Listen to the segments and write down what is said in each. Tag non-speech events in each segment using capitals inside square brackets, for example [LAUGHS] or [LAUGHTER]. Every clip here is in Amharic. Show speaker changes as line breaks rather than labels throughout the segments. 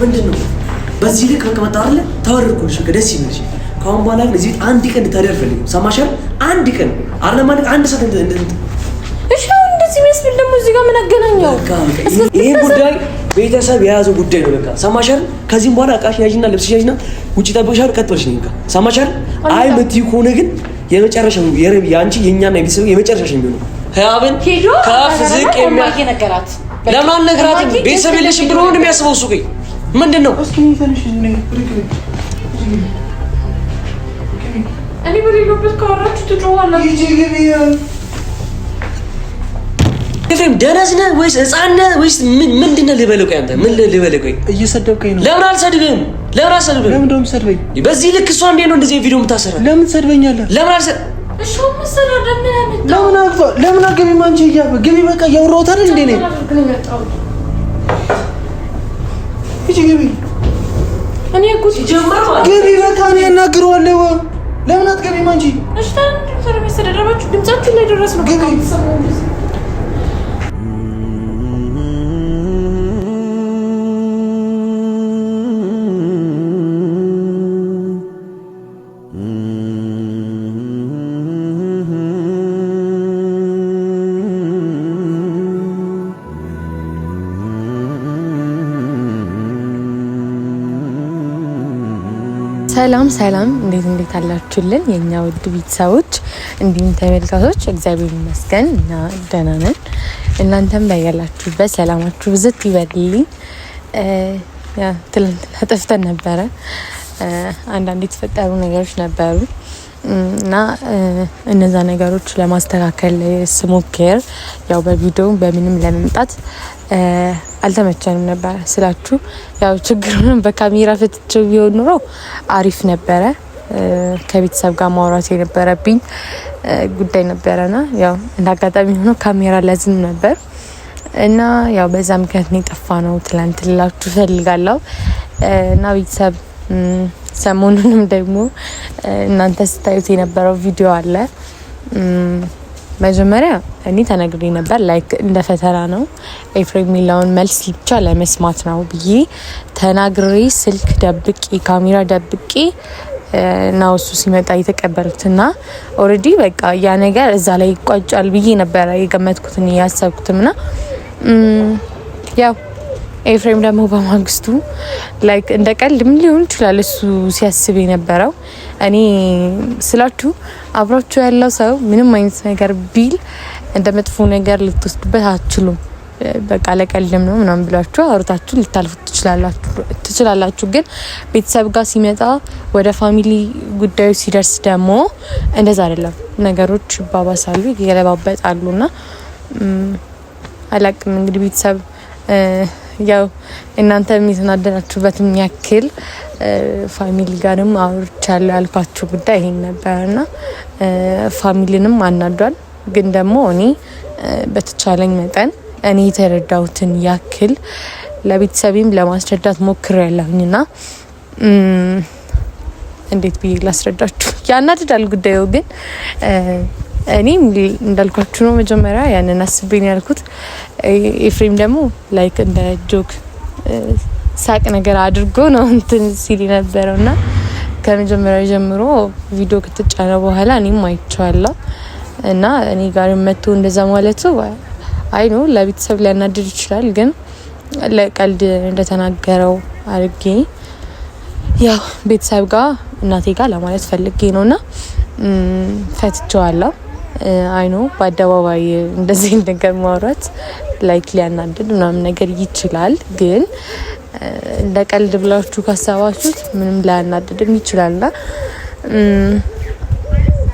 ምንድን ነው በዚህ ልክ በቃ መጣ አይደለ? ተወርኩልሽ በቃ ደስ ይበልሽ። ከአሁን በኋላ ግን እዚህ አንድ ቀን እንድታደር ፈልግም። ሰማሻል? አንድ ቀን አይደለም ማለት አንድ ሰዓት እንድት
እሺ። እንደዚህ የሚያስብል ደግሞ እዚህ ጋር ምን አገናኘው?
ይሄ ጉዳይ ቤተሰብ የያዘው ጉዳይ ነው። በቃ ሰማሻል? ከዚህም በኋላ እቃሽ ያዥና ልብስ ያዥና ውጪ ጠብቅሻል። ቀጥ ነው በቃ ሰማሻል? አይ የምትይው ከሆነ ግን የመጨረሻ የአንቺ የእኛና የቤተሰብ የመጨረሻ የሚሆነው ህያብን ከፍ ዝቅ
የሚያ ነገራት
ለማን ነግራት? ቤተሰብ የለሽም ብሎ ነው የሚያስበው እሱ። ቆይ ምንድን ነው ኤፍሬም ደነዝ ነህ ወይስ ሕፃን ነህ ወይስ ምንድን ነህ ልበለው? ቆይ አንተ ምን ልበለው? ቆይ
እየሰደብከኝ ነው።
ለምን አልሰድብህም? ለምን አልሰድብህም? ለምን ሰድበኝ። በዚህ ልክ እሷ እንዴት ነው እንደዚህ ቪዲዮ የምታሰራ?
ለምን ሰድበኛለህ? ለምን አልሰድብህም? ለምን አገቢ ማንቺ እያበ ገቢ በቃ እያወራሁት አይደል እንዴ? ነኝ እቺ ገቢ
እኔ እኮ ሲጀምር
በቃ እኔ እናግረዋለሁ። ለምን አትገቢም አንቺ?
እሺ ታዲያ ምንድን ነው የምትሰደባችሁ? ድምጻችሁ ላይ ደረስ ነው። ገቢ ሰላም ሰላም፣ እንዴት እንዴት አላችሁልን የእኛ ውድ ቤተሰቦች እንዲሁም ተመልካቶች፣ እግዚአብሔር ይመስገን እና ደህና ነን። እናንተም በያላችሁበት ሰላማችሁ ብዝት ይበልልኝ። ትላንትና ጠፍተን ነበረ፣ አንዳንድ የተፈጠሩ ነገሮች ነበሩ እና እነዛ ነገሮች ለማስተካከል ስሞክር ያው በቪዲዮ በምንም ለመምጣት አልተመቸንም ነበረ ስላችሁ፣ ያው ችግሩንም በካሜራ ፍትቸው ቢሆን ኑሮ አሪፍ ነበረ። ከቤተሰብ ጋር ማውራት የነበረብኝ ጉዳይ ነበረና ያው እንዳጋጣሚ አጋጣሚ ሆኖ ካሜራ ለዝም ነበር እና ያው በዛ ምክንያት ነው የጠፋ ነው ትላንት ልላችሁ ፈልጋለሁ እና ቤተሰብ ሰሞኑንም ደግሞ እናንተ ስታዩት የነበረው ቪዲዮ አለ መጀመሪያ እኔ ተነግሬ ነበር ላይክ እንደ ፈተና ነው ኤፍሬም የሚለውን መልስ ብቻ ለመስማት ነው ብዬ ተናግሬ ስልክ ደብቄ ካሜራ ደብቄ እና እሱ ሲመጣ የተቀበሉት እና ኦልሬዲ በቃ ያ ነገር እዛ ላይ ይቋጫል ብዬ ነበረ የገመትኩትን እያሰብኩትም ና ያው ኤፍሬም ደግሞ በማግስቱ ላይክ እንደ ቀልድም ሊሆን ይችላል እሱ ሲያስብ የነበረው እኔ ስላችሁ አብሯችሁ ያለው ሰው ምንም አይነት ነገር ቢል እንደ መጥፎ ነገር ልትወስዱበት አትችሉም። በቃ ለቀልድም ነው ምናምን ብላችሁ አውርታችሁ ልታልፉት ትችላላችሁ። ግን ቤተሰብ ጋር ሲመጣ ወደ ፋሚሊ ጉዳዩ ሲደርስ ደግሞ እንደዛ አይደለም። ነገሮች ይባባሳሉ፣ ይገለባበጣሉና አላቅም እንግዲህ ቤተሰብ ያው እናንተ የሚተናደናችሁበትም ያክል ፋሚሊ ጋርም አውርቻለሁ ያልኳችሁ ጉዳይ ይሄን ነበርና ፋሚሊንም አናዷል። ግን ደግሞ እኔ በተቻለኝ መጠን እኔ የተረዳሁትን ያክል ለቤተሰቤም ለማስረዳት ሞክር ያለሁኝና እንዴት ብዬ ላስረዳችሁ? ያናድዳል ጉዳዩ ግን እኔም እንዳልኳችሁ ነው። መጀመሪያ ያንን አስቤን ያልኩት ኤፍሬም ደግሞ ላይክ እንደ ጆክ ሳቅ ነገር አድርጎ ነው እንትን ሲል ነበረው እና ከመጀመሪያ ጀምሮ ቪዲዮ ከተጫነ በኋላ እኔም አይቼዋለሁ እና እኔ ጋር መጥቶ እንደዛ ማለቱ አይ ለቤተሰብ ሊያናድድ ይችላል፣ ግን ለቀልድ እንደተናገረው አድርጌ ያው ቤተሰብ ጋር እናቴ ጋር ለማለት ፈልጌ ነውና ፈትቼዋለሁ። አይኖ በአደባባይ እንደዚህ ነገር ማውራት ላይክ ሊያናድድ ምናምን ነገር ይችላል። ግን እንደ ቀልድ ብላችሁ ካሰባችሁት ምንም ላያናድድም ይችላል ና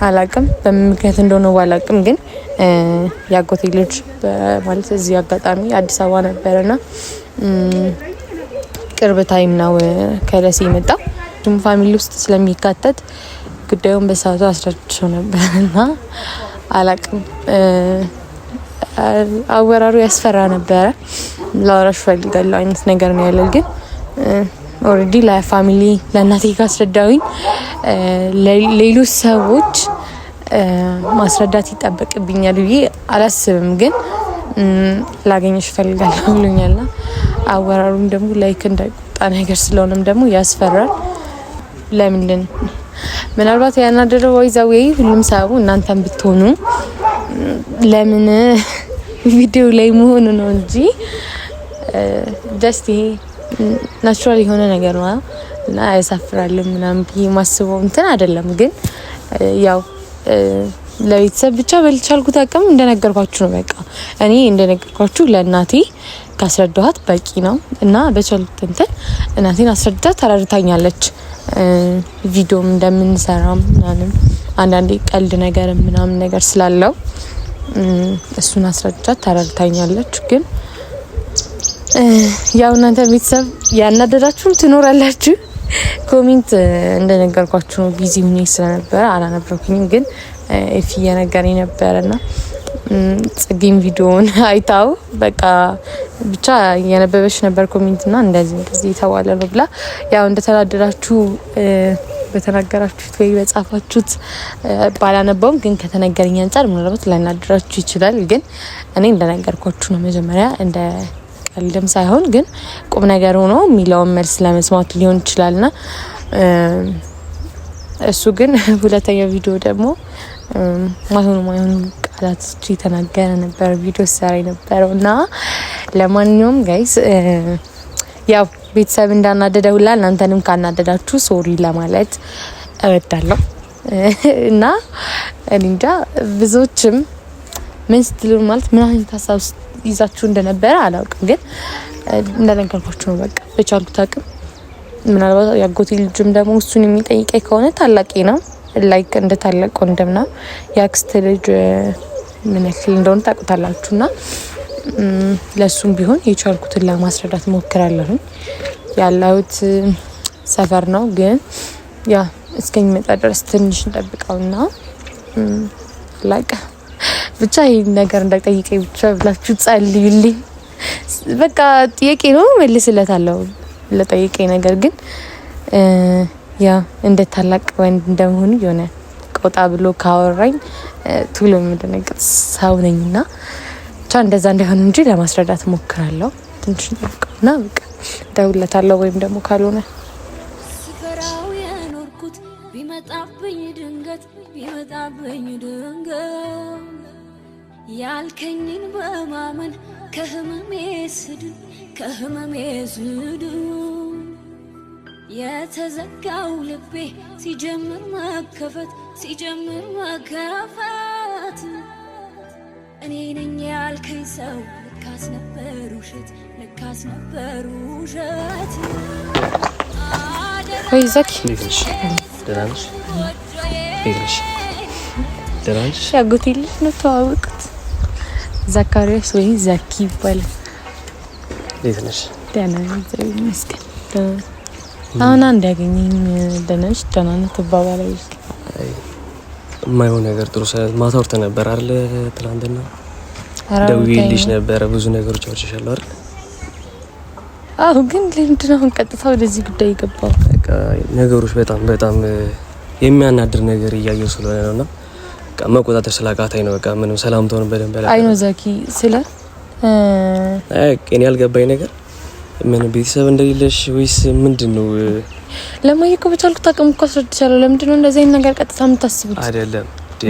አላቅም በምክንያት እንደሆነ ባላቅም ግን የአጎቴ ልጅ ማለት እዚህ አጋጣሚ አዲስ አበባ ና ቅርብ ታይም ነው ከደሴ የመጣ ፋሚሊ ውስጥ ስለሚካተት ጉዳዩን በሰዓቱ ነበር ነበርና አላቅም አወራሩ ያስፈራ ነበረ። ላወራሽ ፈልጋለሁ አይነት ነገር ነው ያለል። ግን ኦልሬዲ ለፋሚሊ ለእናቴ ካስረዳውኝ ሌሎች ሰዎች ማስረዳት ይጠበቅብኛል ብዬ አላስብም። ግን ላገኘሽ ፈልጋለሁ ብሎኛልና አወራሩም ደግሞ ላይክ እንዳይቆጣ ነገር ስለሆነም ደግሞ ያስፈራል። ለምንድን ምናልባት ያናደደው ወይዛው ወይ ሁሉም ሳቡ እናንተን ብትሆኑ ለምን ቪዲዮ ላይ መሆኑ ነው እንጂ ጀስት ናቹራል የሆነ ነገር ነው እና ያሳፍራልም ምናምን ብዬ ማስበው እንትን አይደለም። ግን ያው ለቤተሰብ ብቻ በልቻልኩት አቅም እንደነገርኳችሁ ነው። በቃ እኔ እንደነገርኳችሁ ለእናቴ ካስረዳኋት በቂ ነው እና በቻልኩት እንትን እናቴን አስረድታ ተረድታኛለች። ቪዲዮም እንደምንሰራ ምናምን አንዳንዴ ቀልድ ነገር ምናምን ነገር ስላለው እሱን አስረጃ ታረድታኛለች። ግን ያው እናንተ ቤተሰብ ያናደዳችሁም ትኖራላችሁ። ኮሜንት እንደነገርኳችሁ ነው። ቢዚ ሁኔ ስለነበረ አላነበርኩኝም፣ ግን እፍ እየነገረኝ ነበረና ጽጌም ቪዲዮውን [LAUGHS] አይታው በቃ ብቻ እያነበበች ነበር ኮሜንት ና እንደዚህ እንደዚህ የተባለ ነው ብላ ያው እንደተናደራችሁ በተናገራችሁት ወይ በጻፋችሁት ባላነበውም ግን ከተነገረኝ አንጻር ምናልባት ላይናደራችሁ ይችላል። ግን እኔ እንደነገርኳችሁ ነው መጀመሪያ እንደ ቀልድም ሳይሆን ግን ቁም ነገር ሆኖ የሚለውን መልስ ለመስማት ሊሆን ይችላል ና እሱ ግን [LAUGHS] ሁለተኛው ቪዲዮ ደግሞ ማይሆኑ ማይሆኑ ፕላትስቺ የተናገረ ነበር ቪዲዮ ሰራ የነበረው እና ለማንኛውም ጋይስ ያው ቤተሰብ እንዳናደደ ሁላ እናንተንም ካናደዳችሁ ሶሪ ለማለት እወዳለሁ [LAUGHS] እና እንጃ ብዙዎችም ምን ስትሉ ማለት ምን አይነት ሀሳብ ይዛችሁ እንደነበረ አላውቅም፣ ግን እንደነገርኳችሁ ነው። በቃ በቻልኩት አቅም ምናልባት ያጎቴ ልጅም ደግሞ እሱን የሚጠይቀኝ ከሆነ ታላቂ ነው ላይክ እንደ ታላቅ ወንድምና የአክስት ልጅ ምን ያክል እንደሆነ ታውቁታላችሁ። እና ለእሱም ቢሆን የቻልኩትን ለማስረዳት ሞክራለሁኝ። ያለሁት ሰፈር ነው፣ ግን ያ እስከሚመጣ ድረስ ትንሽ እንጠብቀውና ላቀ ብቻ ይህን ነገር እንዳይጠይቀ ብቻ ብላችሁ ጸልዩልኝ። በቃ ጥያቄ ነው መልስለታለሁ ለጠይቀኝ ነገር ግን ያ እንደ ታላቅ ወንድ እንደመሆኑ የሆነ ቆጣ ብሎ ካወራኝ ቶሎ የምደነግጥ ሰው ነኝ እና ብቻ እንደዛ እንዳይሆን እንጂ ለማስረዳት ሞክራለሁ። ትንሽ እና በቃ እደውልለታለሁ ወይም ደግሞ ካልሆነ ቢመጣብኝ ድንገት ቢመጣብኝ ድንገት ያልከኝን በማመን ከህመሜ ስድን ከህመሜ ስድን የተዘጋው ልቤ ሲጀምር መከፈት ሲጀምር መከፈት እኔ ነኝ ያልከኝ ሰው ልካስ ነበር ውሸት ልካስ ነበር ውሸት ዛኪ ያጎቴ ልጅ ነው ተዋወቁት። ዘካሪያስ ወይ ዛኪ ይባላል። ደህና ነሽ? ደህና ነኝ፣ ይመስገን አሁን አንድ ያገኘኝ ደህና ነሽ ደህና ነህ ትባባላለች።
የማይሆን ነገር ጥሩ ሰዓት ማታ ወርተህ ነበር አይደል? ትናንትና ደውዬልሽ ነበረ ብዙ ነገሮች አውርቼሻለሁ አይደል?
አዎ። ግን ለምንድን አሁን ቀጥታ ወደዚህ ጉዳይ የገባው?
ነገሮች በጣም በጣም የሚያናድር ነገር እያየሁ ስለሆነ ነውና መቆጣጠር ስላቃታኝ ነው። በቃ ምንም ሰላምታውን በደንብ
አይኖ ዘኪ ስለ
እኔ ያልገባኝ ነገር ምን ቤተሰብ እንደሌለሽ ወይስ ምንድን ነው?
ለማየት እኮ በቻልኩት አቅም እኮ አስረድቻለሁ። ለምንድን ነው እንደዚህ አይነት ነገር ቀጥታ የምታስቡት? አይደለም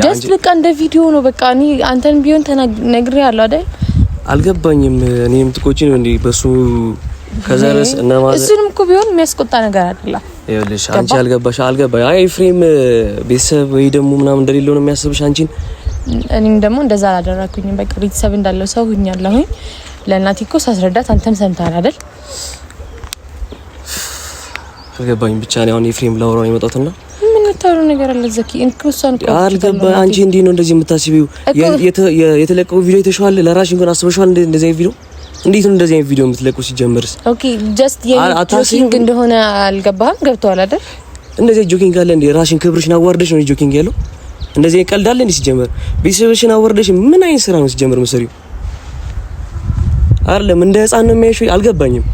ደስ ልቃ እንደ ቪዲዮ ነው በቃ። እኔ አንተን ቢሆን ተነግሬ ያለሁ አይደል?
አልገባኝም። እኔ የምትቆጪ ነው እንዴ በሱ ከዛ ድረስ እና ማለት
እሱንም እኮ ቢሆን የሚያስቆጣ ነገር አይደለም።
ይኸውልሽ አንቺ አልገባሽ አልገባ አይ ኤፍሬም ቤተሰብ ወይ ደግሞ ምናምን እንደሌለው ነው የሚያስብሽ አንቺን።
እኔም ደግሞ እንደዛ አላደረኩኝም። በቃ ቤተሰብ እንዳለው ሰው ሁኛለሁኝ ለእናቴ እኮ ሳስረዳት አንተም ሰምታል አይደል?
አልገባኝም። ብቻ ነው አሁን ኤፍሬም ላወራው ነው የመጣሁት እና
የምታወራው ነገር አለ ዘኪ። እንክሳን
እኮ አልገባኝ። አንቺ እንዲህ ነው እንደዚህ የምታስቢው? የተለቀቁ ቪዲዮ የተሻለ ለራሽ እንኳን አስበሽዋል? እንደዚህ አይነት ቪዲዮ እንዴት ነው እንደዚህ አይነት ቪዲዮ የምትለቁ? ሲጀምርስ
ኦኬ ጀስት የጆኪንግ እንደሆነ አልገባህም? ገብተዋል አይደል?
እንደዚህ ጆኪንግ አለ እንዴ? ራሽን ክብርሽን አዋርደሽ ነው ጆኪንግ ያለው። እንደዚህ ቀልድ አለ እንዴ? ሲጀምር ቤተሰብሽን አዋርደሽ ምን አይነት ስራ ነው ሲጀምር መሰሪው አይደለም እንደ ህፃን ነው የሚያይሽ። አልገባኝም።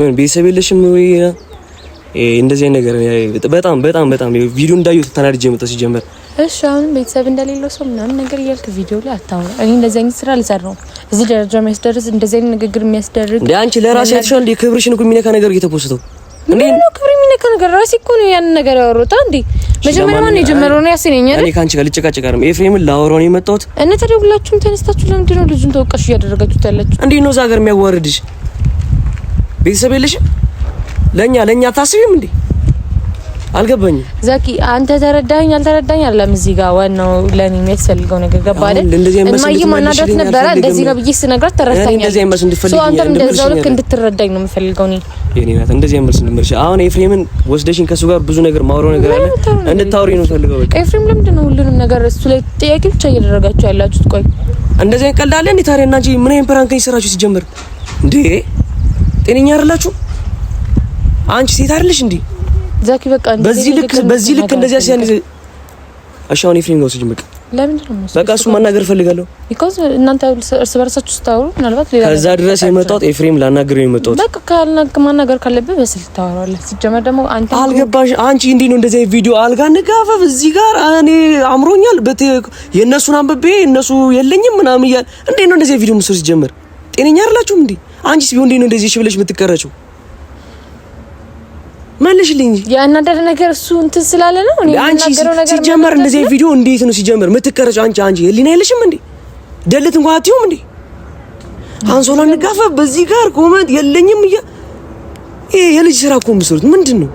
ወይ ቤተሰብ የለሽም ወይ እንደዚህ አይነት ነገር በጣም በጣም በጣም ቪዲዮ እንዳየሁት ተናድጄ መጣ ሲጀመር።
እሺ አሁን ቤተሰብ እንደሌለው ሰው ምናምን ነገር እያልክ ቪዲዮ ላይ አታውራ። እኔ እንደዚህ አይነት ስራ ልሰራ እዚህ ደረጃ የሚያስደርስ እንደዚህ አይነት ንግግር የሚያስደርግ
እንደ አንቺ ለራስሽ ያትሻል። ክብርሽን እኮ የሚነካ ነገር እየተፖስተው
እንዴ ነው? ክብር የሚነካ ነገር ራሴ እኮ ነው ያንን ነገር ያወራሁት እንዴ መጀመሪያ ማን የጀመረው ነው? ያሲን አይደል?
እኔ ካንቺ ጋር ልጨቃጨቅ አይደለም፣ ኤፍሬምን ላወራው ነው የመጣሁት።
እና ታዲያ ሁላችሁም ተነስታችሁ ለምንድን ነው ልጁን ተወቃሽ እያደረጋችሁት ያላችሁ?
እንዴት ነው እዛ ሀገር የሚያዋርድሽ? ቤተሰብ የለሽም? ለእኛ ለእኛ አታስቢም እንዴ? አልገባኝ
ዛኪ አንተ ተረዳኝ አልተረዳኝ አይደለም። እዚህ ጋር ዋናው ለኔ የሚያስፈልገው ነገር ገባ አይደል? እማዬ ማናደርት ነበር። እንደዚህ ነው ብዬሽ ስነግራት ተረድታኛል።
ነው እንደዚህ ጋር ብዙ ነገር ማውራው ነገር አለ እንድታወሪ ነው ፈልገው።
በቃ ኤፍሬም ለምንድን ነው ሁሉንም ነገር እሱ ላይ ጥያቄ ብቻ እያደረጋችሁ ያላችሁት? ቆይ
እንደዚህ ቀልድ አለ እንዴ ታዲያ? እናንቺ ምን አይነት ፕራንክ እየሰራችሁ ሲጀምር እንዴ? ጤነኛ አይደላችሁ? አንቺ ሴት አይደለሽ እንዴ? ዛኪ በቃ በዚህ ልክ በዚህ ልክ እንደዚህ አሲያን ይዘ አሻውን ኤፍሬም ነው ስጅ በቃ ለምንድን በቃ እሱ ማናገር ፈልጋለሁ።
ቢኮዝ እናንተ እርስ በርሳችሁ ስታወሩ
ምናልባት ሌላ ከዛ ድረስ የመጣሁት ኤፍሬም ላናገር ነው የመጣሁት።
በቃ ካልናክ ማናገር ካለብህ በስልክ ታወራለህ። ሲጀመር ደግሞ
አንተ አልገባሽ አንቺ እንዴ ነው እንደዚህ ቪዲዮ አልጋ ንጋፈፍ እዚህ ጋር እኔ አምሮኛል በት የእነሱን አንብቤ እነሱ የለኝም ምናምን እያል እንዴ ነው እንደዚህ ቪዲዮ ምስል ሲጀመር ጤነኛ አይደላችሁም እንዴ? አንቺስ ቢሆን እንዴ ነው እንደዚህ ሽብለሽ ብለሽ የምትቀረችው? መልሽልኝ።
ያናደደ ነገር እሱ እንትን ስላለ ነው።
እኔ የምናገረው ሲጀመር እንደዚህ ቪዲዮ እንዴት ነው ሲጀመር የምትቀረጭው? አንቺ አንቺ ህሊና የለሽም እንዴ? ደልት እንኳን አትይውም እንዴ? አንሶላ ንጋፈ በዚህ ጋር ኮመንት የለኝም። ይሄ የልጅ ስራ እኮ የምትሰሩት ምንድን ነው?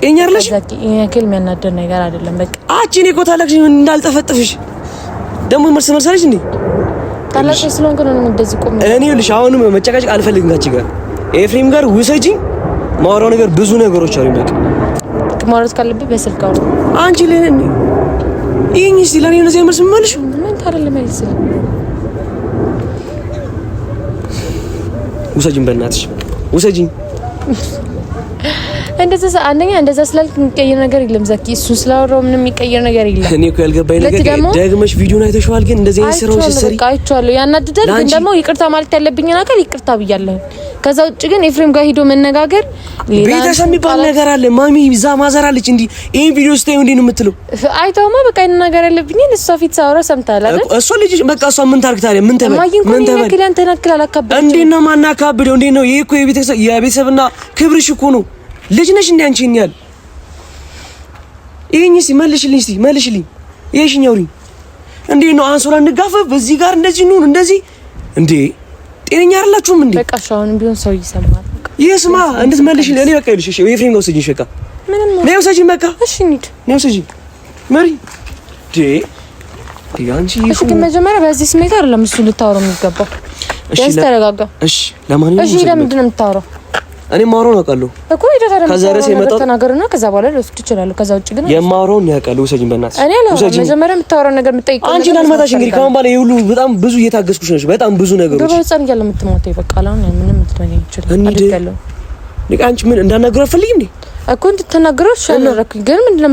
ጤኛ አይደለሽ።
ይሄ ያክል የሚያናደድ ነገር አይደለም። በቃ
አቺ እኔ እኮ ታላቅሽ እንዳልጠፈጥፍሽ ደግሞ መልስ መልሳለሽ እንዴ?
ታላቅሽ ስለሆንኩ ነው እንደዚህ ቆም።
እኔ ልሽ አሁንም መጨቃጨቅ አልፈልግም። ካቺ ጋር ኤፍሬም ጋር ውሰጂኝ ማውራው ነገር ብዙ ነገሮች አሉ።
በቃ ማውራት ካለብህ በስልክ አውራ።
አንቺ ለኔ ይሄን እስቲ ለኔ ነው ዘመርስ መልሽ
ምን ታረለ መልስ
ውሰጂኝ፣ በእናትሽ ውሰጂኝ።
እንደዛ አንደኛ እንደዛ ስላልክ የሚቀየር ነገር የለም ዘኪ። እሱ ስላወራው ምንም የሚቀየር ነገር የለም።
እኔ እኮ ያልገባኝ ነገር ደግመሽ ቪዲዮን አይተሽዋል፣ ግን እንደዚህ አይነት ስራውን
ስትሰሪ አይቼዋለሁ። ያናድዳል፣ ግን ደግሞ ይቅርታ ማለት ያለብኝን አካል ይቅርታ ብያለሁ። ከዛ ውጭ ግን ኤፍሬም ጋር ሄዶ መነጋገር
ቤተሰብ የሚባል ነገር አለ። ማሚ ዛ ማዘራለች እንዲ ይሄን ቪዲዮ ስታይ እንዴ ነው የምትለው?
አይተውማ በቃ ይሄን ነገር ያለብኝ እሷ ፊት ሳውራ ሰምታለህ አይደል?
እሷ ልጅ በቃ እሷ ምን ታርግ ታዲያ? ምን ተበል ምን ተበል እንዴ ነው ማናካብደው? እንዴ ነው ይሄ እኮ የቤተሰብና ክብርሽ እኮ ነው ልጅ ነሽ እንዴ አንቺ? እንያል ያል ይሄን እስኪ መልሽልኝ፣ እስኪ መልሽልኝ። ይሄሽኝ አውሪኝ። እንዴ ነው አንሶላ እንጋፈፍ፣ በዚህ ጋር እንደዚህ ኑን፣ እንደዚህ እንዴ ጤነኛ አይደላችሁም እንዴ?
በቃ ሻውን ቢሆን ሰው ይሰማል።
ይስማ መልሽልኝ። እኔ በቃ ይልሽ፣ እሺ ፍሬም ነው ወሰጂኝ። በቃ ምንም ነው ወሰጂኝ። በቃ እሺ እንሂድ፣ ነው ወሰጂኝ። መሪ ዴ ያንቺ
እሺ፣ ግን መጀመሪያ በዚህ ስሜት አይደለም እሱ ልታወራው የሚገባው። እሺ፣ ተረጋጋ። እሺ፣ ለማንኛውም እሺ፣ ለምንድን ነው የምታወራው?
እኔ ማውራውን አውቃለሁ
እኮ ሂደት አይደለም። ከዛ ድረስ የመጣው ተናገርና ከዛ በኋላ ልወስድ እችላለሁ። ከዛ ውጭ ግን
የማውራውን ያውቃለሁ። ውሰጂኝ፣ በእናትሽ
እኔ ነገር የምጠይቀው
አንቺ እንዳልመታሽ እንግዲህ በጣም ብዙ እየታገስኩሽ ነሽ። በጣም ብዙ ነገሮች ምንም ይችላል። አንቺ ምን እንዳናገረው አትፈልጊም እንዴ?
እኮ እንድትናገረው አልነገርኩኝ። ግን ምን ነው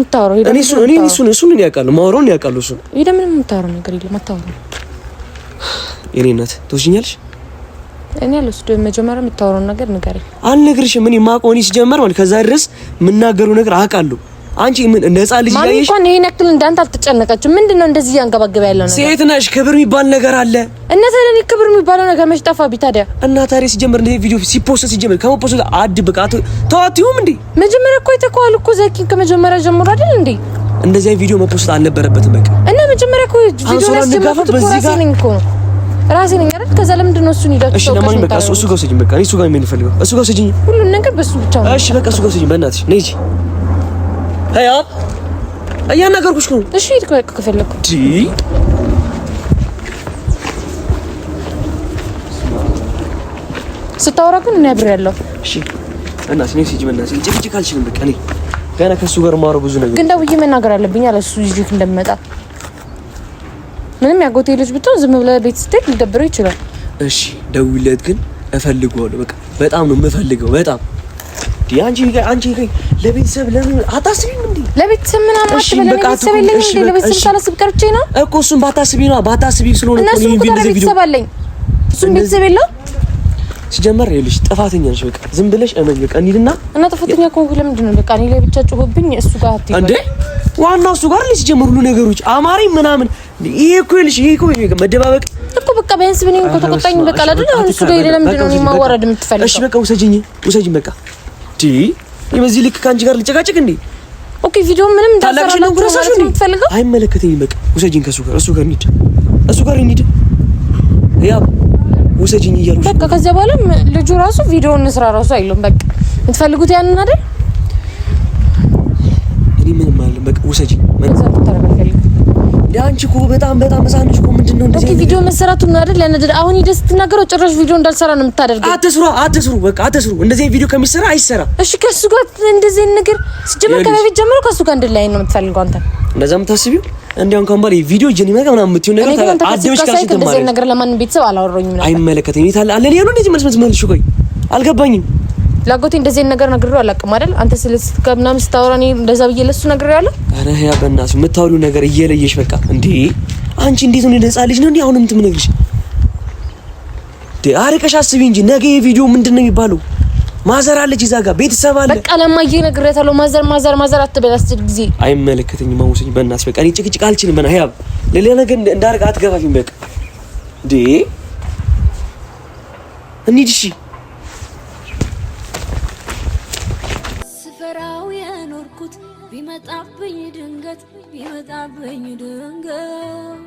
እኔ እሱን እኔ እሱን እሱን ያውቃለሁ። ማውራውን ያውቃለሁ። እሱን
ሄደህ ምንም የምታወራው ነገር የለም። አታወራም።
የኔ እናት ትወስጂኛለሽ
እኔ አልወስድም። መጀመሪያ የምታወራው ነገር ንገሪ።
አልነግርሽም። እኔ የማውቀው እኔ ሲጀመር ማለት ከዛ ድረስ የምናገረው ነገር አውቃለሁ። አንቺ ምን እንደ ህፃን ልጅ ያየሽ
ማን እንኳን ይሄን ያክል እንዳንተ አልተጨነቀችም። ምንድን ነው እንደዚህ ያንገባገበ ያለው ነገር?
ሴት ነሽ፣ ክብር የሚባል ነገር አለ።
እና ለኔ ክብር የሚባለው ነገር መች ጠፋብኝ ታዲያ?
እና ታዲያ ሲጀምር እንደዚህ ቪዲዮ ሲፖስት ሲጀምር ከመፖስት አድ ብቃት ተዋትዩም እንዴ?
መጀመሪያ እኮ የተኳል እኮ ዘኪ ከመጀመሪያ ጀምሮ አይደል እንዴ?
እንደዚህ ቪዲዮ መፖስት አልነበረበትም። በቃ
እና መጀመሪያ እኮ ቪዲዮ ላይ ሲጀምር በዚህ ጋር ራሴ ነኝ አይደል? ከዛ ለምንድን ነው እሱን
ሂዳችሁ? እሺ ለማን በቃ እሱ ጋር ውሰጂኝ። በቃ እሱ ጋር የምፈልገው እሱ ጋር ውሰጂኝ።
ሁሉን ነገር በሱ ብቻ
ነው። እሺ በቃ እሱ ጋር ውሰጂኝ። በእናትሽ ነይ እንጂ አያ እያናገርኩሽ ነው።
እሺ ሂድ በቃ ከፈለኩ ዲ ስታወራ ግን እኔ አብሬ ያለሁ።
እሺ እናትሽ ነይ ሲጂ እንጂ ጭቅጭቅ አልችልም። በቃ እኔ ገና ከሱ ጋር ማውራት ብዙ ነገር
ግን ደውዬ መናገር አለብኝ አለ እሱ ይጂክ እንደምመጣ ምንም ያጎቴ ልጅ ብትሆን ዝም ብለህ ቤት ስትሄድ ሊደብረው ይችላል።
እሺ ደውለት፣ ግን እፈልገዋለሁ። በቃ በጣም ነው የምፈልገው። በጣም አንቺ አንቺ ለቤተሰብ ለምን አታስቢም እንዴ? ለቤተሰብ ምን አማት ብለ
ለቤተሰብ የለኝ እንዴ? ለቤተሰብ ሳላስብ ቀርቼ ነው
እኮ። እሱም ባታስቢ ነው ባታስቢ ስለሆነ
እኮ ነው እንዴ? ቤተሰብ አለኝ። እሱም ቤተሰብ የለው
ሲጀመር ይኸውልሽ፣ ጥፋተኛ ነሽ። በቃ ዝም ብለሽ እመኝ። በቃ እንሂድና
እና ጥፋተኛ ከሆንኩ ለምንድን ነው በቃ እኔ ላይ ብቻ እሱ ጋር አትይኝ
እንዴ? ዋና እሱ ጋር ልጅ ሲጀምሩ ሁሉ ነገሮች አማረኝ ምናምን ይሄ እኮ ይልሽ ይሄ እኮ መደባበቅ
እኮ በቃ ቢያንስ ምን እኮ ተቆጣኝ በቃ አይደል? አሁን እሱ ጋር ሄደህ ምንድን ነው እኔ የምትፈልገው?
እሺ በቃ ውሰጂኝ፣ ውሰጂኝ በቃ ዲ ይሄ ልክ ከአንቺ ጋር ልጨቃጨቅ እንዴ?
ኦኬ ቪዲዮ ምንም እንዳሰራ ነው ጉራሳሽ ነው የምትፈልገው?
አይመለከተኝም በቃ ውሰጂኝ፣ ከሱ ጋር እሱ ጋር እንሂድ፣ እሱ ጋር እንሂድ ያ ውሰጂኝ እያልኩሽ
በቃ ከዚያ በኋላ ልጁ ራሱ ቪዲዮውን እንስራ ራሱ አይለውም በቃ የምትፈልጉት ያንን አይደል?
እኔ ምንም አለ በቃ ውሰጂ። አንቺ እኮ በጣም በጣም መሳነሽ እኮ ምንድን ነው
እንደዚህ ቪዲዮ መሰራቱ ነው አይደል? ያነደደ አሁን ደስ ስትናገረው ጭራሽ ቪዲዮ እንዳልሰራ ነው የምታደርገው።
አትስሩ፣ አትስሩ፣ በቃ አትስሩ። እንደዚህ ቪዲዮ ከሚሰራ አይሰራ።
እሺ ከሱ ጋር እንደዚህ ነገር ሲጀመር ከበፊት ጀምሮ ከሱ ጋር እንድላይ ነው የምትፈልገው አንተ
እንደዛ የምታስቢው እንዲያው ከምባል ቪዲዮ ጀኒ መጋ ምናምን የምትይው
ነገር አደብሽ ጋር ተማሪ ነገር ለማንም ቤተሰብ አላወራኝም።
አይመለከተኝም። ይታል አለ ያለው እንደዚህ መልስ መልስ መልሽ። ቆይ አልገባኝም
ላጎቴ እንደዚህ አይነት ነገር ነግሬው አላውቅም አይደል? አንተ ስለስካ ምናምን ስታወራ እኔ እንደዛ ብዬ ለሱ ነግሬዋለሁ።
አረ ያ በእናትሽ የምታወሉ ነገር እየለየሽ በቃ። እንዴ አንቺ እንዴት ነው ነጻ ልጅ ነው እንዴ አሁንም የምትነግሪሽ? አርቀሽ አስቢ እንጂ ነገ የቪዲዮ ምንድን ነው የሚባለው? ማዘር አለች እዛ ጋር ቤተሰብ አለ።
በቃ ለማዬ ነግሬያታለሁ። ማዘር ማዘር ማዘር አትበል አስር ጊዜ።
አይመለከተኝም። አውሰኝ በእናትሽ በቃ። እኔ ጭቅጭቅ አልችልም። በና ያ ለሌላ ነገር እንዳደርግ አትገፋፊም። በቃ እንዴ እንሂድ እሺ ቢመጣብኝ ድንገት ቢመጣብኝ ድንገት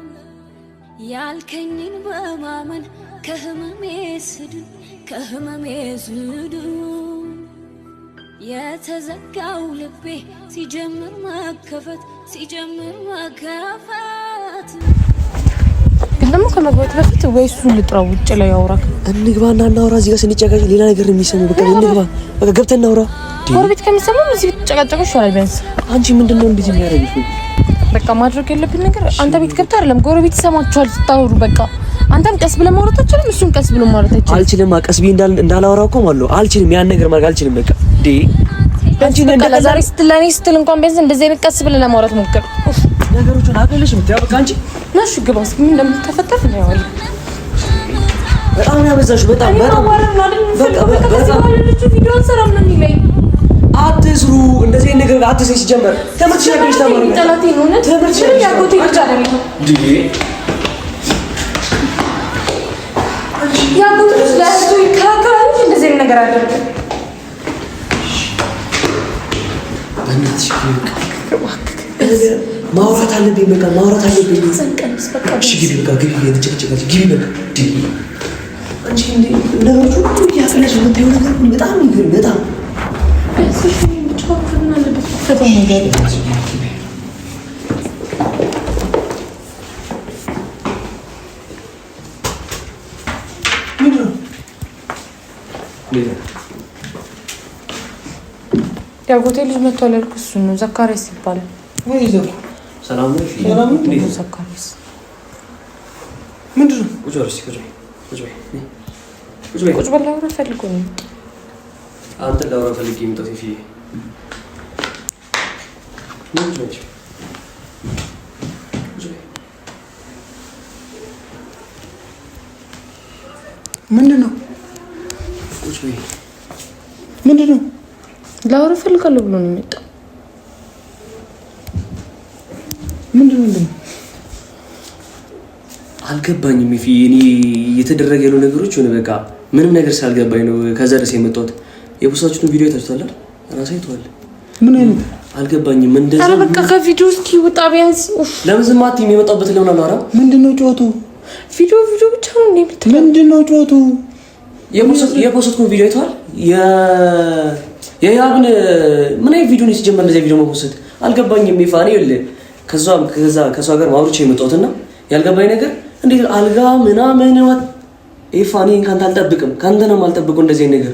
ያልከኝን በማመን
ከህመሜ ስድን ከህመሜ ስድን የተዘጋው ልቤ ሲጀምር መከፈት ሲጀምር መከፈት ደግሞ ከመግባት በፊት ወይ እሱን ልጥራው ውጭ ላይ አውራ
እና እናውራ። እዚህ ጋር ስንጨቃጨቅ ሌላ ነገር የሚሰሙ በቃ እንግባ፣ በቃ ገብተን እናውራ።
ጎረቤት ከሚሰማው እዚህ ብትጨቃጨቁ ይሻላል። ቢያንስ
አንቺ ምንድን ነው እንደዚህ የሚያደርግሽ?
በቃ ማድረግ ያለብን ነገር አንተ ቤት ገብተህ አይደለም፣ ጎረቤት ይሰማችኋል ስታወሩ። በቃ አንተም ቀስ ብለህ ማውራት አትችልም? እሱም ቀስ ብሎ ማውራት አልችልም።
አልችልም ቀስ ብዬ እንዳላወራ እኮ ማለት ነው። አልችልም፣ ያን ነገር ማለት አልችልም። በቃ ዲ
አንቺ ነገር ዛሬ ስትል ለእኔ ስትል እንኳን ቢያንስ እንደዚህ አይነት ቀስ ብለህ ለማውራት ሞክር።
ነገሮቹን አቅልሽ የምትያው በቃ አንቺ
ነሽ ግባ። እስኪ ምን እንደምትከፈተፍ እናየዋለን።
በጣም ያበዛሽ። በጣም አትስሩ፣ እንደዚህ ነገር አትስሪ። ሲጀመር ነገር ማውራት አለብኝ። በቃ ማውራት አለብኝ። እሺ ግቢ፣ በቃ ግቢ። እየተጨቀጨቀች ግቢ። በቃ አንቺ ነገሮች ሁሉ እያፈለሽ የምታየው ነገር በጣም ይገርም። በጣም
ያጎቴ ልጅ መጥቷል ያልኩህ እሱን ነው። ዘካሪያስ ይባላል
ወይ ዘኩ ሰላም ነው።
ሰላም ቁጭ በል ላውራ ፈልጎ ነው።
አንተ ላውራ ፈልጌ የምጣት ይፊ ምንድን ነው? ምንድን ነው?
ላውራ ፈልጋለሁ ብሎ ነው የመጣው
ምንድን ነው አልገባኝም። ፊ እኔ እየተደረገ ያሉ ነገሮች ሆነ በቃ ምንም ነገር ሳልገባኝ ነው ከዛ ደስ የመጣሁት። የቡሳችሁን ቪዲዮ አይታችኋል? ራሱ አይተዋል። ምን አይነት አልገባኝም።
እንደዛ አረ በቃ ከቪዲዮ እስኪ ውጣ ቢያንስ።
ለምን ዝም አትይም? የመጣሁበት ለምን አላወራ? ምንድነው ጮቱ?
ቪዲዮ ቪዲዮ ብቻ ነው እንዴ?
ምንድነው ጮቱ? የቡሳችሁን ቪዲዮ አይተዋል? የያብን ምን አይነት ቪዲዮ ነው ሲጀመር? እንደዚህ ቪዲዮ መፖስት አልገባኝም። ይፋ ነው ከዛም ከዛ ከሷ ጋር ማውርቼ የመጣሁትና ያልገባኝ ነገር እንዴ አልጋ ምናምን ወጥ ኢፋኒ ከአንተ አልጠብቅም፣ ከአንተ ነው የማልጠብቀው። እንደዚህ ነገር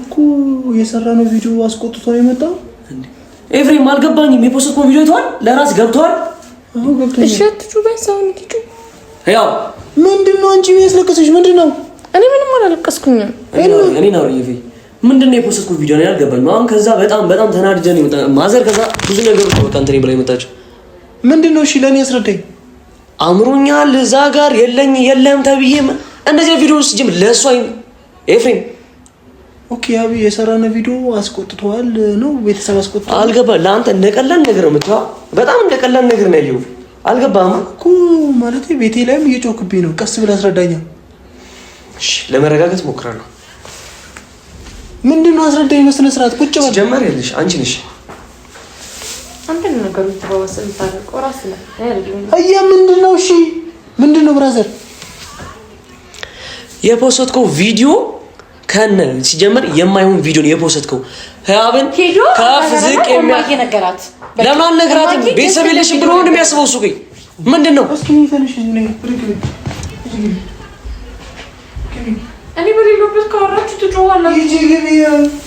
እኮ የሰራ ነው ቪዲዮ አስቆጥቶ ነው የመጣው። ኤፍሬም አልገባኝም። የፖስትኮ ቪዲዮ ይቷል ለራስ ገብተዋል።
እሺ አትጩ በሰውን ትጩ
ያው ምንድን ነው አንቺ ያስለቀሰሽ ምንድን ነው?
እኔ ምንም አላለቀስኩኝም።
እኔ ነው ይሄ ምንድን ነው የፖስትኩት ቪዲዮ ነው ያልገባኝ። አሁን ከዛ በጣም በጣም ተናድጀን ነው ማዘር ከዛ ብዙ ነገር ነው በቃ እንትን ብላ የመጣችው ምንድን ነው? እሺ ለእኔ አስረዳኝ። አምሮኛል እዛ ጋር የለኝ የለም ተብዬ እንደዚህ ቪዲዮ ውስጥ ጅም ለእሷ ኤፍሬም ኦኬ አብ የሰራነ ቪዲዮ አስቆጥተዋል ነው ቤተሰብ አስቆጥተዋል። አልገባ ለአንተ እንደቀላል ነገር ነው የምትዋ በጣም እንደቀላል ነገር ነው ያየው። አልገባም እኮ ማለት ቤቴ ላይም እየጮክብኝ ነው። ቀስ ብለህ አስረዳኛ። እሺ ለመረጋጋት ሞክራለሁ። ምንድን ነው አስረዳኝ። በስነ ስርዓት ቁጭ ጀመር ያለሽ አንቺ ነሽ
አንድን ነገር ተባባሰን ታርቆ ራስ ነው
ምንድነው? ብራዘር የፖስትከው ቪዲዮ ከነ ሲጀምር የማይሆን ቪዲዮ ነው የፖስትከው። ህያብን ከፍ ዝቅ የሚያነገራት ለምን አልነግራትም? ቤተሰብ የለሽም ብሎ ነው የሚያስበው እሱ። ግን ምንድነው?
ነው
እኔ በሌለበት ካወራችሁ
ትጮዋላችሁ።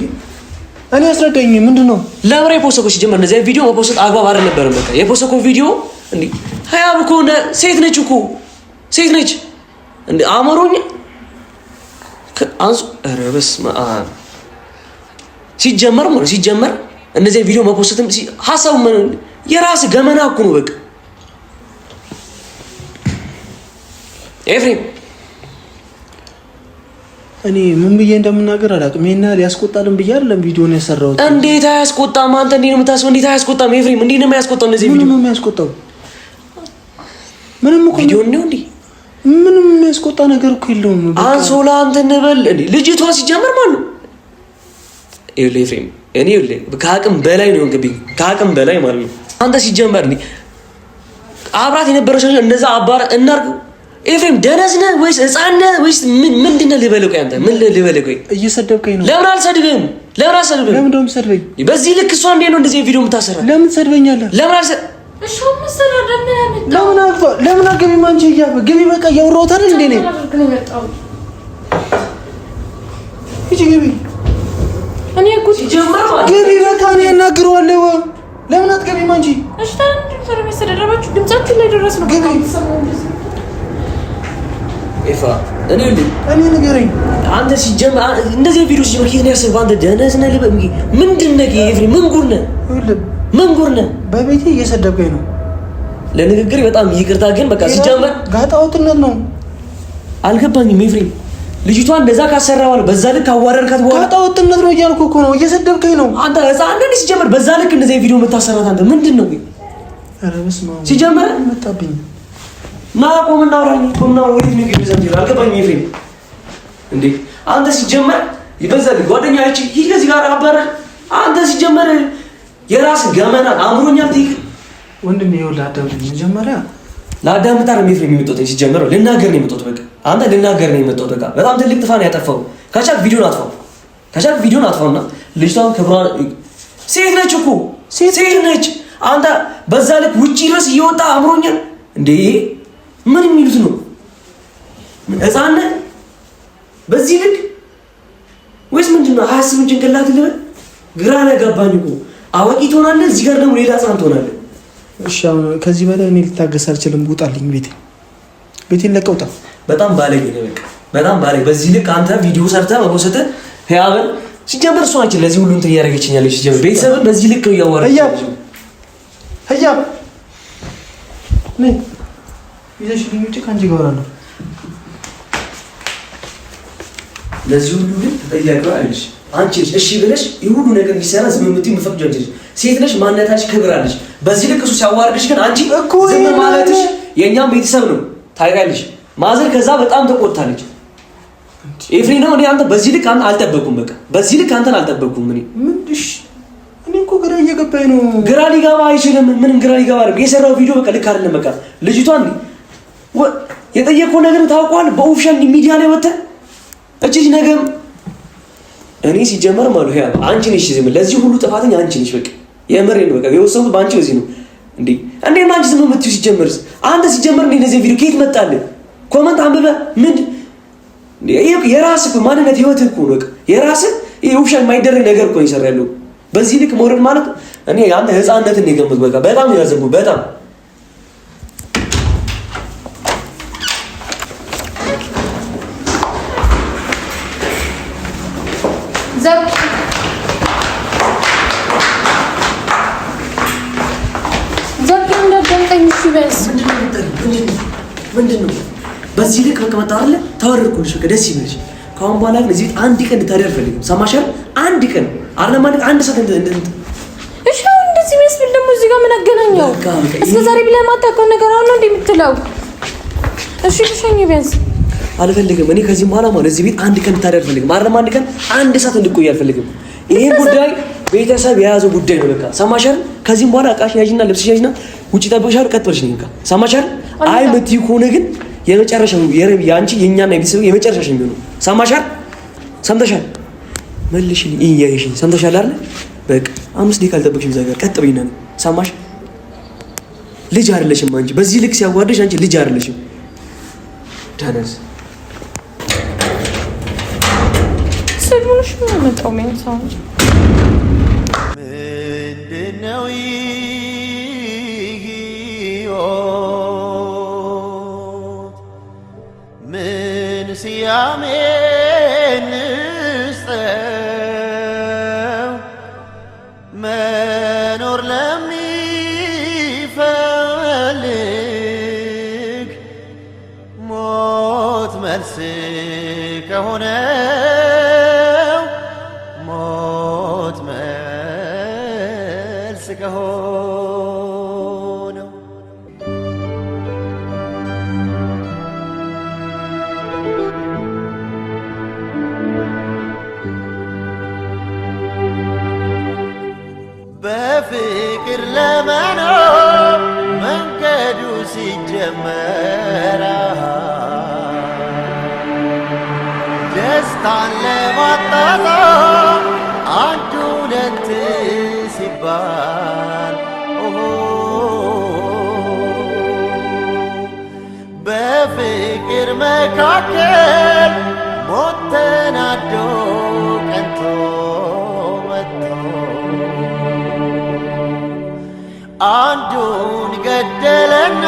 እኔ ያስረዳኝ ምንድን ነው ለምን የፖሰኮች ጀመር? እንደዚህ ቪዲዮ መፖሰት አግባብ አልነበረም። በቃ የፖሰኮ ቪዲዮ እንዴ ሀያብ እኮ ሴት ነች እኮ ሴት ነች እንዴ አእምሮኝ አንሱ። ኧረ በስመ አብ ሲጀመር ማለት ሲጀመር እንደዚህ ቪዲዮ መፖሰትም ሀሳቡ የራስ ገመና እኮ ነው። በቃ ኤፍሬም እኔ ምን ብዬ እንደምናገር አላውቅም። ይሄን ያህል ያስቆጣልን ብዬ አይደለም ቪዲዮን የሰራሁት። እንዴት አያስቆጣም? አንተ እንዴት ነው የምታስበው? እንዴት አያስቆጣም? ኤፍሬም እንዴት ነው የሚያስቆጣው? እነዚህ ቪዲዮ ምንም የሚያስቆጣው ምንም እኮ ቪዲዮ ነው እንዴ? ምንም የሚያስቆጣ ነገር እኮ የለውም። አንሶላ አንተ እንበል እንዴ ልጅቷ ሲጀምር ማን ነው ይኸውልህ ኤፍሬም፣ እኔ ይኸውልህ ከአቅም በላይ ነው እንግዲህ ከአቅም በላይ ማለት ነው። አንተ ሲጀመር አብራት የነበረች እነዛ አባረ እናድርግ ኤፍሬም ደነዝ ነህ ወይስ ሕፃን ነህ ወይስ ምንድን ነህ? ልበልህ ቆይ አንተ ምን ልበልህ ቆይ። እየሰደብከኝ ነው። ለምን አልሰድብህም? ለምን አልሰድብህም? ለምን ሰድበኝ። በዚህ ልክ እሷ እንዴት ነው እንደዚህ ቪዲዮ የምታሰራ? ለምን ሰድበኛለህ? ለምን አልሰ እሺ መሰራ ለምን አልፋ ለምን አገቢ ማንቺ ይያብ ግቢ በቃ እያወራሁት እንዴ ነኝ። እጂ ግቢ እኔ እኮ ግቢ በቃ እኔ እናግረዋለሁ። ለምን አትገቢም አንቺ? እሺ ድምጻችሁ ላይ ደረስ ነው ግቢ ኤፋ እኔ እኔ ንገረኝ አንተ እንደዚህ ቪዲዮ ነው አንተ ደነዝ ምንድን ምን ምን በቤቴ እየሰደብከኝ ነው። ለንግግር በጣም ይቅርታ፣ ግን በቃ ጋጣውትነት ነው። አልገባኝም ልጅቷ እንደዛ ካሰራው በዛ ልክ አዋረድካት በኋላ ጋጣውትነት ነው እያልኩህ እኮ ነው። እየሰደብከኝ ነው አንተ ህፃን ነህ። በዛ ልክ እንደዚህ ቪዲዮ የምታሰራት አንተ ምንድን ነው መጣብኝ ማቆም እና እናውራኝ ቆምና እናውራ። ወዴት ነው የሚገዛ እንጂ አልገባኝም። ኤፍሬም እንዴ አንተ ሲጀመር ይበዛል ጓደኛ አይቺ ይህ ከዚህ ጋር አባረ አንተ ሲጀመር የራስ ገመና አምሮኛ ትይክ ወንድም ይኸውልህ፣ ላዳምጥ መጀመሪያ ላዳምጣ ነው ኤፍሬም የሚመጣው ሲጀመር ልናገር ነው የመጣሁት። በቃ አንተ ልናገር ነው የመጣሁት። በቃ በጣም ትልቅ ጥፋ ነው ያጠፋው። ከቻልክ ቪዲዮን አጥፋው፣ ከቻልክ ቪዲዮን አጥፋውና ልጅቷን ክብራ ሴት ነች እኮ ሴት ነች። አንተ በዛ ልክ ውጪ ድረስ እየወጣ አምሮኛል እንዴ ምን የሚሉት ነው? ህፃነት በዚህ ልክ ወይስ ምንድን ነው? አያስብም ጭንቅላት ልበል። ግራ ለገባኝ እኮ አዋቂ ትሆናለህ፣ እዚህ ጋር ደግሞ ሌላ ህፃን ትሆናለህ። እሺ ከዚህ በላይ እኔ ልታገስ አልችልም። ውጣልኝ፣ ቤቴ ቤቴን ለቀህ ውጣ። በጣም ባለጌ ነው፣ በቃ በጣም ባለጌ። በዚህ ልክ አንተ ቪዲዮ ሰርተህ በመውሰድህ ህያብን ሲጀምር እሷ አንቺን ለዚህ ሁሉ እንትን እያደረገችኛለች። ሲጀምር ቤተሰብን በዚህ ልክ ነው እያዋራች ህያብ ይዘሽልኝ ውጪ ከአንቺ ጋር አወራለሁ። ለዚህ ሁሉ ግን ተጠያቂዋ አይደለሽ አንቺ ነሽ። እሺ ብለሽ ይህ ሁሉ ነገር ቢሰራ ዝም የምትይው የምትፈቅጂው አንቺ ነሽ። ሴት ነሽ፣ ማንነታችን ክብር አለሽ። በዚህ ልክ እሱ ሲያዋርድሽ ግን አንቺ ዝም ማለትሽ የእኛም ቤተሰብ ነው ታውቂያለሽ። ማዘር ከዛ በጣም ተቆጥታለች። ኤፍሬም ነው እኔ አንተ በዚህ ልክ አንተ አልጠበኩም። በቃ በዚህ ልክ አንተን አልጠበኩም። እኔ ምንድሽ እኔ እኮ ግራ እየገባኝ ነው። ግራ ሊገባ አይችልም። ምንም ግራ ሊገባ አይደለም። የሰራው ቪዲዮ በቃ ልክ አይደለም። በቃ ልጅቷ እንዴ የጠየቀው ነገር ታውቋል። በኦፊሻል ሚዲያ ላይ ወጥተህ እቺ ነገር እኔ ሲጀመር ማለት ያ አንቺ ነሽ፣ ዝም ለዚህ ሁሉ ጥፋተኛ አንቺ ነሽ። በቃ ነው። በቃ የወሰኑት በአንቺ በዚህ ነው እንዴ? እንዴ ማንቺ ዝም የምትይው ሲጀመር፣ አንተ ሲጀመር እንዴ ለዚህ ቪዲዮ ከየት መጣልህ? ኮመንት አንብበ ምን የራስህ ማንነት ህይወትህ እኮ ነው። በቃ የራስህ ይሄ ኦፊሻል የማይደረግ ነገር እኮ ነው የሰራ ያለው። በዚህ ልክ መውረድ ማለት እኔ አንተ ህፃነትን ነው የገመትኩት። በቃ በጣም ያዘንኩ በጣም እስኪ በስ ምንድን ነው በዚህ ልክ በቃ መጣ አይደለ? ታወረድኩልሽ። በቃ ደስ ይበልሽ። ከአሁን በኋላ ግን እዚህ አንድ ቀን እንድታደር ፈልግም። ሰማሽ አንድ ቀን አይደለም አንድ ሰዓት እንድንት እሺ። አሁን እንደዚህ መስፍን ደግሞ እዚህ ጋር ምን አገናኘው? እስከ ዛሬ ብለህ ማታውቀው ነገር አሁን ነው እንደ የምትለው? እሺ ልሸኝ ቢያንስ አልፈልግም። እኔ ከዚህ በኋላ ማለት እዚህ ቤት አንድ ቀን እንድታደር ፈልግም። አይደለም አንድ ቀን አንድ ሰዓት እንድቆይ አልፈልግም። ይሄ ጉዳይ ቤተሰብ የያዘው ጉዳይ ነው። በቃ ሰማሽ ከዚህም በኋላ እቃሽ ያዥና ልብስሽ ያዥና ውጭ ጠብቅሻል። ቀጥበልሽ ነው ንጋ ሰማሻል። አይ የምትይው ከሆነ ግን የመጨረሻው የአንቺ የእኛና የቤተሰብ የመጨረሻሽ የሚሆነው ሰማሻል። ሰምተሻል? መልሽልኝ። እያይሽኝ ሰምተሻል አይደል? በቃ አምስት ደቂቃ አልጠብቅሽም። እዛ ጋር ቀጥ ብይና ነው ሰማሽ። ልጅ አይደለሽም አንቺ። በዚህ ልክ ሲያዋርድሽ አንቺ ልጅ አይደለሽም። ዳነስ ስለሆነሽ ነው መጣው ሜንሳ আমি መካከል ሞት ተናዶ ቀንቶ መጥቶ አንዱ ገደለና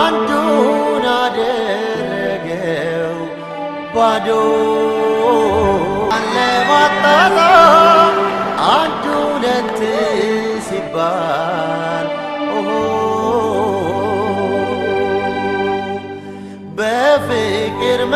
አንዱን አደረገው ባዶ አለማጣጣ አንዱ ሁለት ሲባል በፍቅር